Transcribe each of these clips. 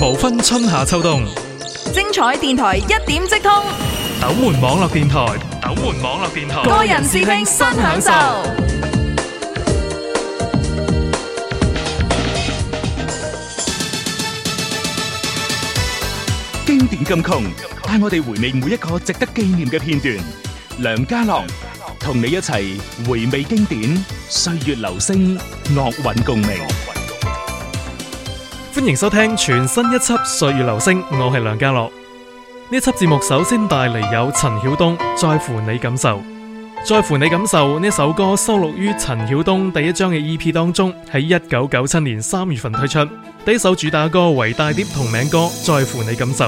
無分春夏秋冬，精彩電台一點即通，斗門網絡電台，斗門網絡電台，個人視聽新享受，經典金曲，帶我哋回味每一個值得紀念嘅片段。梁家朗同你一齊回味經典，歲月留聲，樂韻共鳴。歡迎收聽全新一輯《歲月留聲》，我係梁家樂。呢一輯節目首先帶嚟有陳曉東《在乎你感受》，在乎你感受呢首歌收錄於陳曉東第一張嘅 EP 當中，喺一九九七年三月份推出。第一首主打歌為大碟，同名歌《在乎你感受》。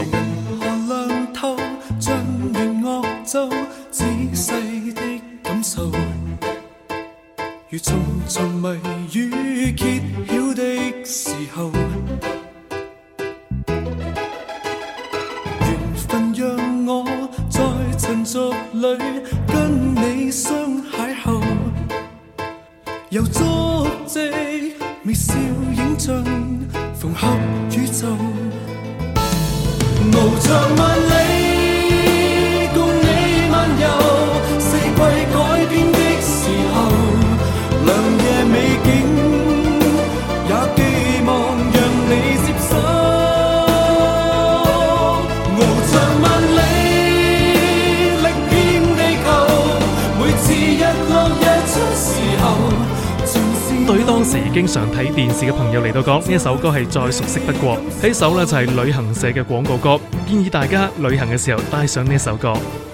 當時經常睇電視嘅朋友嚟到講，呢一首歌係再熟悉不過，呢首呢就係旅行社嘅廣告歌，建議大家旅行嘅時候帶上呢首歌，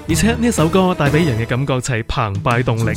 而且呢一首歌帶俾人嘅感覺就係澎湃動力。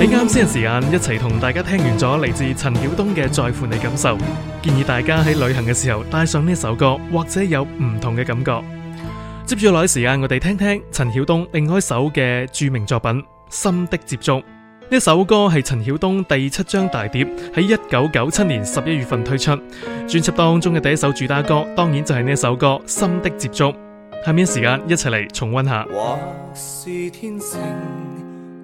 喺啱先嘅時間，一齊同大家聽完咗嚟自陳曉東嘅在乎你感受，建議大家喺旅行嘅時候帶上呢首歌，或者有唔同嘅感覺。接住落嚟時間，我哋聽聽陳曉東另外一首嘅著名作品《心的接觸》。呢首歌係陳曉東第七張大碟喺一九九七年十一月份推出專輯當中嘅第一首主打歌，當然就係呢首歌《心的接觸》。下面嘅時間，一齊嚟重溫下。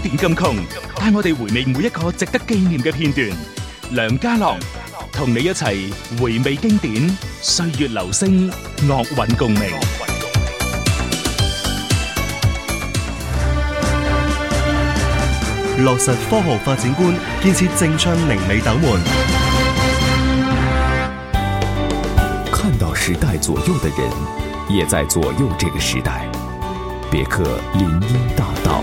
經典咁窮，帶我哋回味每一個值得紀念嘅片段。梁家樂同你一齊回味經典，歲月留聲，樂韻共鳴。落實科學發展觀，建設正昌寧美斗門。看到時代左右的人，也在左右這個時代。別克林蔭大道。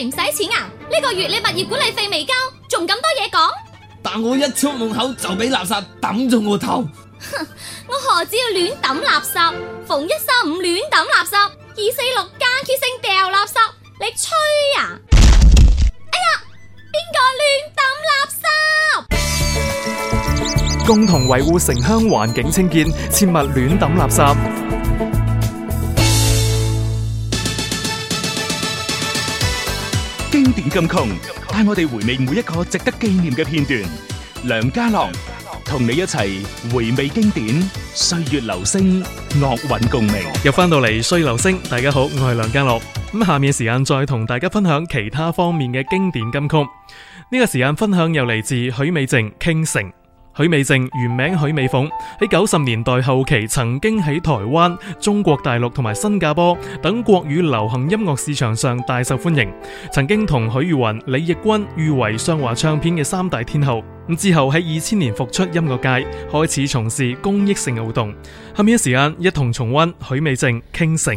唔使錢啊！呢個月你物業管理費未交，仲咁多嘢講？但我一出門口就俾垃圾抌咗我頭。哼！我何止要亂抌垃圾？逢一三五亂抌垃圾，二四六間歇性掉垃圾，你吹啊！哎呀，邊個亂抌垃圾？共同維護城鄉環境清潔，切勿亂抌垃圾。經典金曲帶我哋回味每一個值得紀念嘅片段。梁家樂同你一齊回味經典，歲月留聲，樂韻共鳴。又翻到嚟歲月留聲，大家好，我係梁家樂。咁下面時間再同大家分享其他方面嘅經典金曲。呢個時間分享又嚟自許美靜傾城。許美靜原名許美鳳，喺九十年代後期曾經喺台灣、中國大陸同埋新加坡等國語流行音樂市場上大受歡迎，曾經同許茹芸、李翊君譽為上華唱片嘅三大天后。咁之後喺二千年復出音樂界，開始從事公益性嘅活動。下面一時間一同重溫許美靜傾城。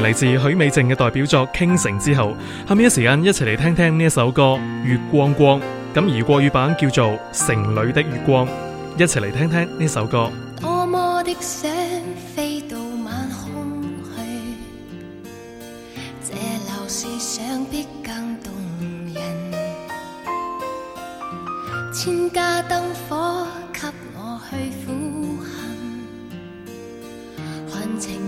嚟自許美靜嘅代表作《傾城》之後，下面一時間一齊嚟聽聽呢一首歌《月光光》，咁而國語版叫做《城裏的月光》，一齊嚟聽聽呢首歌。